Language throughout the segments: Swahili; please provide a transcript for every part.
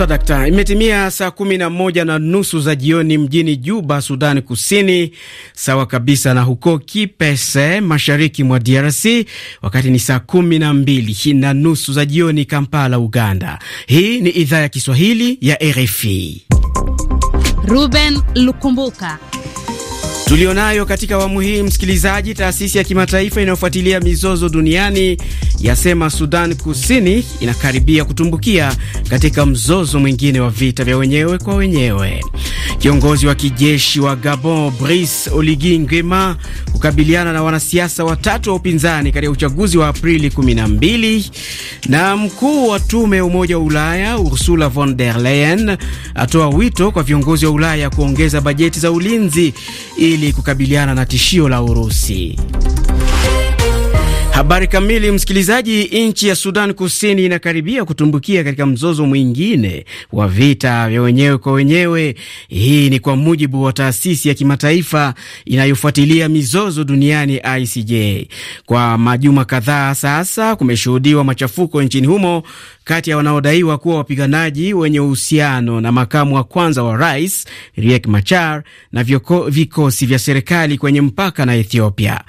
Sadakta. Imetimia saa kumi na moja na nusu za jioni mjini Juba, Sudani Kusini, sawa kabisa na huko Kipese, mashariki mwa DRC. Wakati ni saa kumi na mbili na nusu za jioni Kampala, Uganda. Hii ni idhaa ya Kiswahili ya RFI. Ruben Lukumbuka tulionayo katika awamu hii, msikilizaji. Taasisi ya kimataifa inayofuatilia mizozo duniani yasema Sudan Kusini inakaribia kutumbukia katika mzozo mwingine wa vita vya wenyewe kwa wenyewe. Kiongozi wa kijeshi wa Gabon Brice Oligui Nguema kukabiliana na wanasiasa watatu wa upinzani katika uchaguzi wa Aprili 12. Na mkuu wa tume ya Umoja wa Ulaya Ursula von der Leyen atoa wito kwa viongozi wa Ulaya kuongeza bajeti za ulinzi ili kukabiliana na tishio la Urusi. Habari kamili, msikilizaji. Nchi ya Sudan Kusini inakaribia kutumbukia katika mzozo mwingine wa vita vya wenyewe kwa wenyewe. Hii ni kwa mujibu wa taasisi ya kimataifa inayofuatilia mizozo duniani ICJ. Kwa majuma kadhaa sasa, kumeshuhudiwa machafuko nchini humo kati ya wanaodaiwa kuwa wapiganaji wenye uhusiano na makamu wa kwanza wa rais Riek Machar na vikosi vya serikali kwenye mpaka na Ethiopia.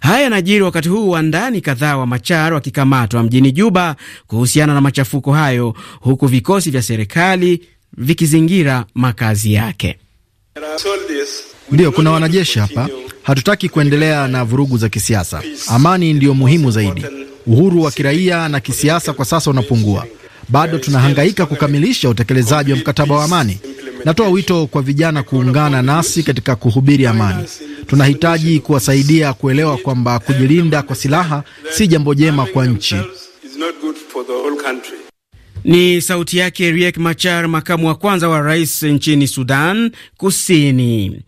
Haya yanajiri wakati huu wa ndani Dazeni kadhaa wa Machar wakikamatwa mjini Juba kuhusiana na machafuko hayo, huku vikosi vya serikali vikizingira makazi yake. Ndiyo, kuna wanajeshi hapa. Hatutaki kuendelea na vurugu za kisiasa. Amani ndiyo muhimu zaidi. Uhuru wa kiraia na kisiasa kwa sasa unapungua. Bado tunahangaika kukamilisha utekelezaji wa mkataba wa amani. Natoa wito kwa vijana kuungana nasi katika kuhubiri amani. Tunahitaji kuwasaidia kuelewa kwamba kujilinda kwa silaha si jambo jema kwa nchi. Ni sauti yake Riek Machar, makamu wa kwanza wa rais nchini Sudan Kusini.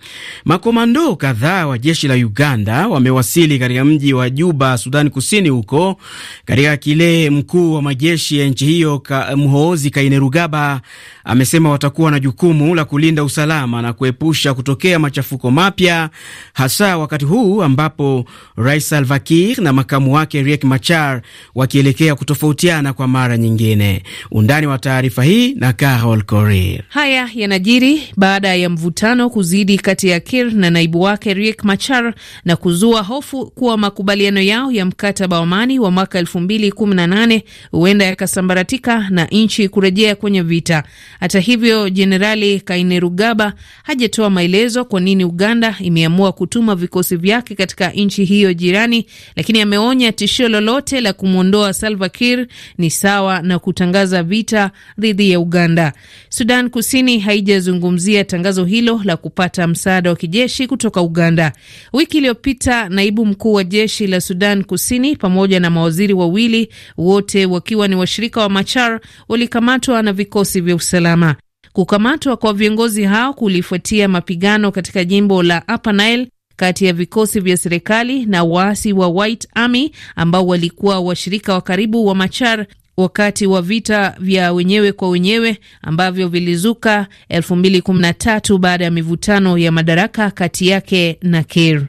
Makomando kadhaa wa jeshi la Uganda wamewasili katika mji wa Juba, Sudan Kusini, huko katika kile mkuu wa majeshi ya nchi hiyo ka, Mhoozi Kainerugaba amesema watakuwa na jukumu la kulinda usalama na kuepusha kutokea machafuko mapya, hasa wakati huu ambapo Rais Salva Kiir na makamu wake Riek Machar wakielekea kutofautiana kwa mara nyingine. Undani wa taarifa hii na Carol Corir. Haya yanajiri baada ya mvutano kuzidi kati ya Kir na naibu wake Riek Machar na kuzua hofu kuwa makubaliano yao ya mkataba wa amani wa mwaka elfu mbili kumi na nane huenda yakasambaratika na nchi kurejea kwenye vita. Hata hivyo, Jenerali Kainerugaba hajatoa maelezo kwa nini Uganda imeamua kutuma vikosi vyake katika nchi hiyo jirani, lakini ameonya tishio lolote la kumwondoa Salva Kir ni sawa na kutangaza kutangaza vita dhidi ya Uganda. Sudan Kusini haijazungumzia tangazo hilo la kupata msaada wa kijeshi kutoka Uganda. Wiki iliyopita, naibu mkuu wa jeshi la Sudan Kusini pamoja na mawaziri wawili, wote wakiwa ni washirika wa Machar, walikamatwa na vikosi vya usalama. Kukamatwa kwa viongozi hao kulifuatia mapigano katika jimbo la Upper Nile kati ya vikosi vya serikali na waasi wa White Army ambao walikuwa washirika wa karibu wa Machar wakati wa vita vya wenyewe kwa wenyewe ambavyo vilizuka 2013 baada ya mivutano ya madaraka kati yake na Kiir.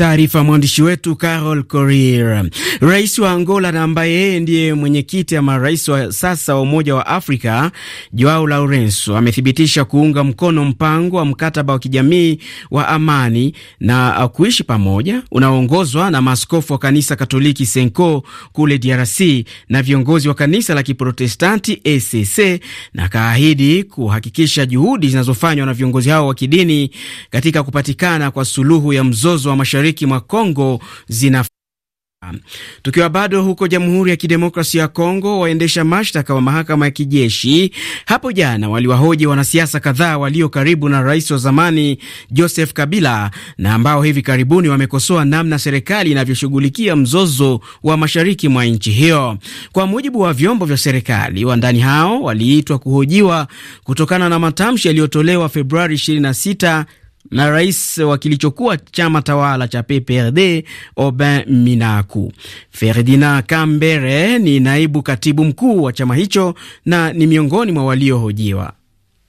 Taarifa ya mwandishi wetu Carol corir Rais wa Angola na ambaye yeye ndiye mwenyekiti ama rais wa sasa wa Umoja wa Afrika, Joao Lourenco amethibitisha kuunga mkono mpango wa mkataba wa kijamii wa amani na kuishi pamoja unaoongozwa na maaskofu wa kanisa Katoliki Senko kule DRC na viongozi wa kanisa la Kiprotestanti ECC na akaahidi kuhakikisha juhudi zinazofanywa na viongozi hao wa kidini katika kupatikana kwa suluhu ya mzozo wa mashariki mashariki mwa Congo zina Tukiwa bado huko Jamhuri ya Kidemokrasia ya Kongo, waendesha mashtaka wa mahakama ya kijeshi hapo jana waliwahoji wanasiasa kadhaa walio karibu na rais wa zamani Joseph Kabila na ambao hivi karibuni wamekosoa namna serikali inavyoshughulikia mzozo wa mashariki mwa nchi hiyo. Kwa mujibu wa vyombo vya serikali, wandani hao waliitwa kuhojiwa kutokana na matamshi yaliyotolewa Februari 26 na rais wa kilichokuwa chama tawala cha PPRD Aubin Minaku. Ferdinand Kambere ni naibu katibu mkuu wa chama hicho na ni miongoni mwa waliohojiwa.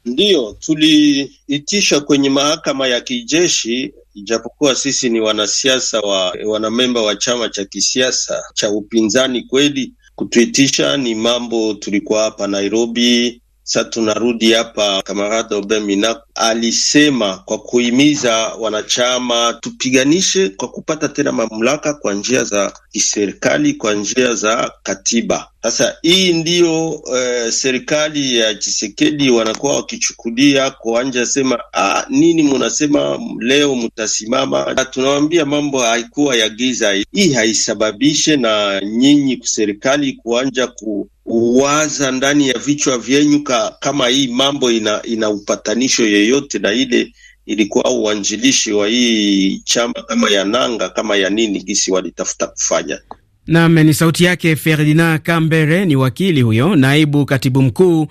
Ndiyo, tuliitisha kwenye mahakama ya kijeshi ijapokuwa sisi ni wanasiasa wa wanamemba wa chama cha kisiasa cha upinzani kweli. Kutuitisha ni mambo, tulikuwa hapa Nairobi, sa tunarudi hapa. Kamarada Aubin Minaku alisema kwa kuhimiza wanachama tupiganishe kwa kupata tena mamlaka kwa njia za kiserikali, kwa njia za katiba. Sasa hii ndiyo eh, serikali ya Chisekedi wanakuwa wakichukulia kuanja sema, ah, nini munasema leo mtasimama? Tunawambia mambo haikuwa ya giza, hii haisababishe na nyinyi serikali kuanja ku uwaza ndani ya vichwa vyenyu kama hii mambo ina, ina upatanisho yeyote yoyote na ile ilikuwa uanjilishi wa hii chama kama ya nanga kama ya nini gisi walitafuta kufanya. nam ni sauti yake Ferdinand Kambere, ni wakili huyo, naibu katibu mkuu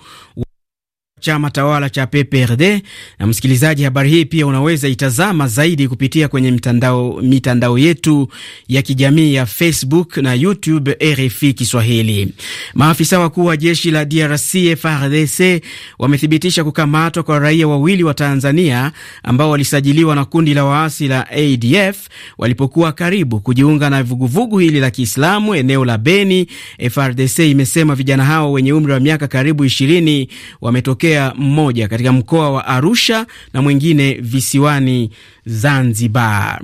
chama tawala cha PPRD. Na msikilizaji, habari hii pia unaweza itazama zaidi kupitia kwenye mitandao, mitandao yetu ya kijamii ya Facebook na YouTube RFI Kiswahili. Maafisa wakuu wa jeshi la DRC FARDC wamethibitisha kukamatwa kwa raia wawili wa Tanzania ambao walisajiliwa na kundi la waasi la ADF walipokuwa karibu kujiunga na vuguvugu hili la Kiislamu eneo la Beni. FARDC imesema vijana hao wenye umri wa miaka karibu 20 wametokea kutokea mmoja katika mkoa wa Arusha na mwingine visiwani Zanzibar.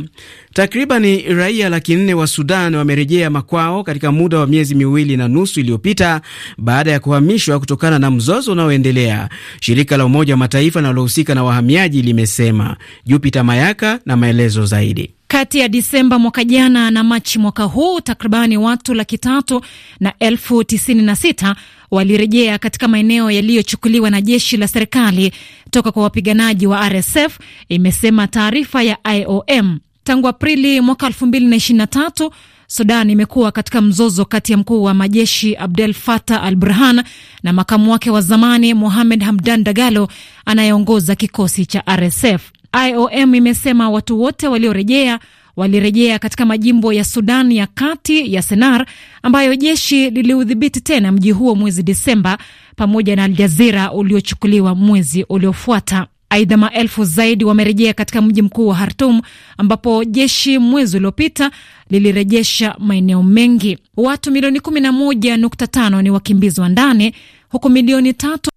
Takribani raia laki nne wa Sudan wamerejea makwao katika muda wa miezi miwili na nusu iliyopita baada ya kuhamishwa kutokana na mzozo unaoendelea, shirika la Umoja wa Mataifa linalohusika na wahamiaji limesema. Jupiter Mayaka na maelezo zaidi. Kati ya Disemba mwaka jana na Machi mwaka huu takribani watu laki tatu na elfu tisini na sita walirejea katika maeneo yaliyochukuliwa na jeshi la serikali toka kwa wapiganaji wa RSF, imesema taarifa ya IOM. Tangu Aprili mwaka 2023 Sudan imekuwa katika mzozo kati ya mkuu wa majeshi Abdel Fattah al Burhan na makamu wake wa zamani Mohamed Hamdan Dagalo anayeongoza kikosi cha RSF. IOM imesema watu wote waliorejea walirejea katika majimbo ya Sudan ya kati ya Senar ambayo jeshi liliudhibiti tena mji huo mwezi disemba pamoja na Aljazira uliochukuliwa mwezi uliofuata. Aidha, maelfu zaidi wamerejea katika mji mkuu wa Hartum ambapo jeshi mwezi uliopita lilirejesha maeneo mengi. Watu milioni 11.5 ni wakimbizi wa ndani huku milioni tatu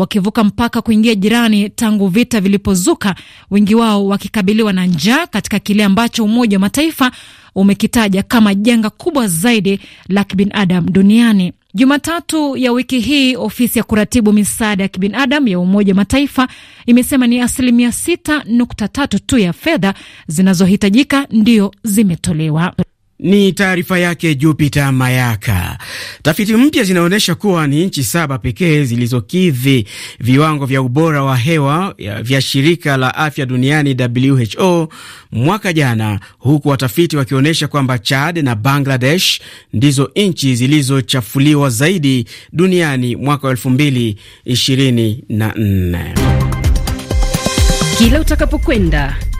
wakivuka mpaka kuingia jirani tangu vita vilipozuka, wengi wao wakikabiliwa na njaa katika kile ambacho Umoja wa Mataifa umekitaja kama janga kubwa zaidi la kibinadamu duniani. Jumatatu ya wiki hii ofisi ya kuratibu misaada ya kibinadamu ya Umoja wa Mataifa imesema ni asilimia 6 nukta tu ya fedha zinazohitajika ndio zimetolewa. Ni taarifa yake Jupiter Mayaka. Tafiti mpya zinaonyesha kuwa ni nchi saba pekee zilizokidhi viwango vya ubora wa hewa vya shirika la afya duniani WHO mwaka jana, huku watafiti wakionyesha kwamba Chad na Bangladesh ndizo nchi zilizochafuliwa zaidi duniani mwaka wa 2024. Kila utakapokwenda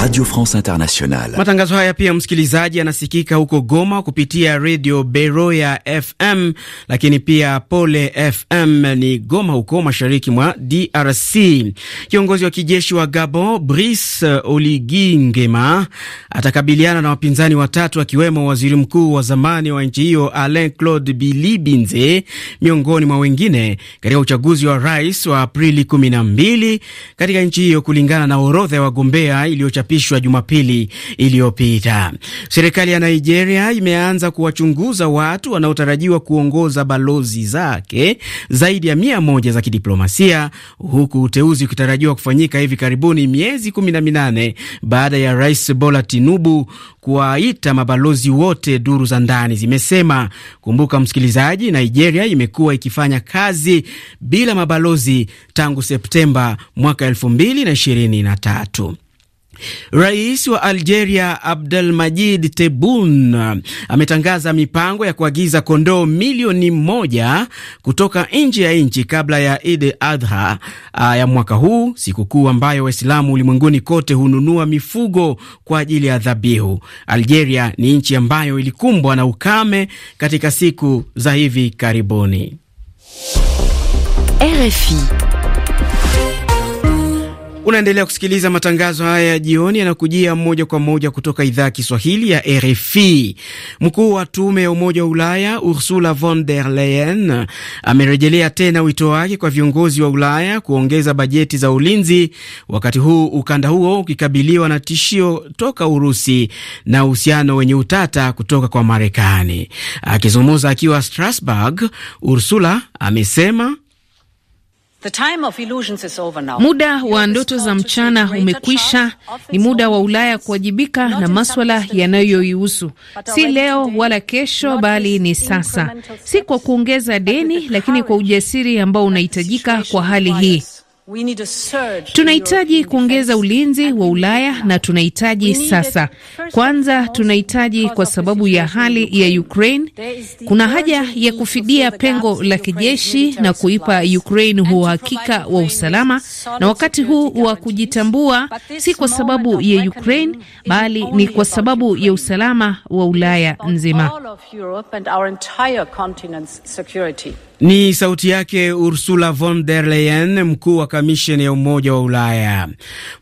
Radio France Internationale. Matangazo haya pia, msikilizaji, anasikika huko Goma kupitia Radio Beroya FM, lakini pia Pole FM ni Goma huko mashariki mwa DRC. Kiongozi wa kijeshi wa Gabon Brice Oligui Nguema atakabiliana na wapinzani watatu akiwemo waziri mkuu wa zamani wa nchi hiyo Alain Claude Bilibinze, miongoni mwa wengine katika uchaguzi wa rais wa Aprili 12 katika nchi hiyo kulingana na orodha ya wagombea iliyo yaliyochapishwa Jumapili iliyopita. Serikali ya Nigeria imeanza kuwachunguza watu wanaotarajiwa kuongoza balozi zake zaidi ya mia moja za kidiplomasia, huku uteuzi ukitarajiwa kufanyika hivi karibuni, miezi kumi na minane baada ya Rais Bola Tinubu kuwaita mabalozi wote. Duru za ndani zimesema. Kumbuka msikilizaji, Nigeria imekuwa ikifanya kazi bila mabalozi tangu Septemba mwaka elfu mbili na ishirini na tatu. Rais wa Algeria majid tebun ametangaza mipango ya kuagiza kondoo milioni moja kutoka nje ya nchi kabla ya id Adha ah, ya mwaka huu, sikukuu ambayo Waislamu ulimwenguni kote hununua mifugo kwa ajili ya dhabihu. Algeria ni nchi ambayo ilikumbwa na ukame katika siku za hivi karibuni. RFI Unaendelea kusikiliza matangazo haya ya jioni yanakujia moja kwa moja kutoka idhaa ya Kiswahili ya RFI. Mkuu wa tume ya Umoja wa Ulaya Ursula von der Leyen amerejelea tena wito wake kwa viongozi wa Ulaya kuongeza bajeti za ulinzi, wakati huu ukanda huo ukikabiliwa na tishio toka Urusi na uhusiano wenye utata kutoka kwa Marekani. Akizungumza akiwa Strasbourg, Ursula amesema The time of illusions is over now. Muda wa ndoto za mchana umekwisha. Ni muda wa Ulaya kuwajibika na maswala yanayoihusu, si leo wala kesho, bali ni sasa, si kwa kuongeza deni, lakini kwa ujasiri ambao unahitajika kwa hali hii. Tunahitaji kuongeza ulinzi wa Ulaya na tunahitaji sasa. Kwanza tunahitaji kwa sababu ya hali ya Ukraine, kuna haja ya kufidia pengo la kijeshi na kuipa Ukraine uhakika wa usalama na wakati huu wa kujitambua, si kwa sababu ya Ukraine bali ni kwa sababu ya usalama wa Ulaya nzima. Ni sauti yake Ursula von der Leyen, mkuu wa kamisheni ya Umoja wa Ulaya.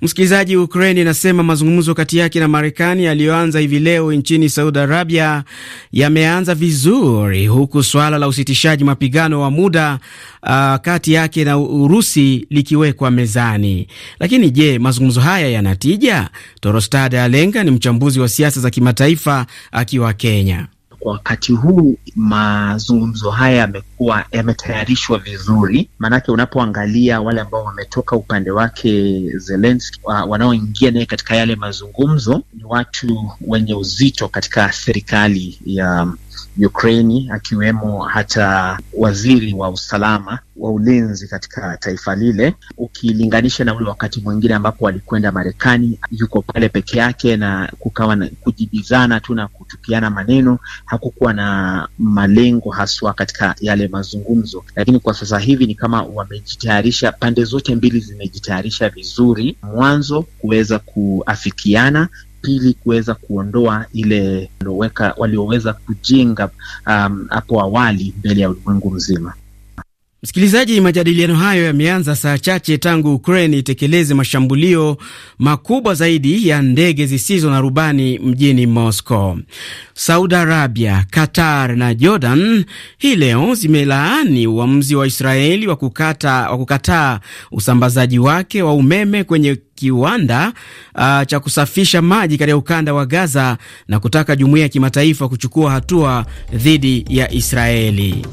Msikilizaji, Ukraini inasema mazungumzo kati yake na Marekani yaliyoanza hivi leo nchini Saudi Arabia yameanza vizuri, huku suala la usitishaji mapigano wa muda uh, kati yake na Urusi likiwekwa mezani. Lakini je, mazungumzo haya yanatija? Torostad Alenga ni mchambuzi wa siasa za kimataifa akiwa Kenya kwa wakati huu mazungumzo haya yamekuwa yametayarishwa vizuri, maanake unapoangalia wale ambao wametoka upande wake wa, wanaoingia naye katika yale mazungumzo ni watu wenye uzito katika serikali ya Ukraini, akiwemo hata waziri wa usalama wa ulinzi katika taifa lile, ukilinganisha na ule wakati mwingine ambapo walikwenda Marekani, yuko pale peke yake na kukawa na kujibizana tu na kutupiana maneno. Hakukuwa na malengo haswa katika yale mazungumzo, lakini kwa sasa hivi ni kama wamejitayarisha, pande zote mbili zimejitayarisha vizuri mwanzo kuweza kuafikiana pili kuweza kuondoa ile walioweza kujenga um, hapo um, awali mbele ya ulimwengu mzima. Msikilizaji, majadiliano hayo yameanza saa chache tangu Ukraine itekeleze mashambulio makubwa zaidi ya ndege zisizo na rubani mjini Moscow. Saudi Arabia, Qatar na Jordan hii leo zimelaani uamuzi wa Israeli wa kukata, wa kukataa usambazaji wake wa umeme kwenye kiwanda uh, cha kusafisha maji katika ukanda wa Gaza na kutaka jumuiya ya kimataifa kuchukua hatua dhidi ya Israeli.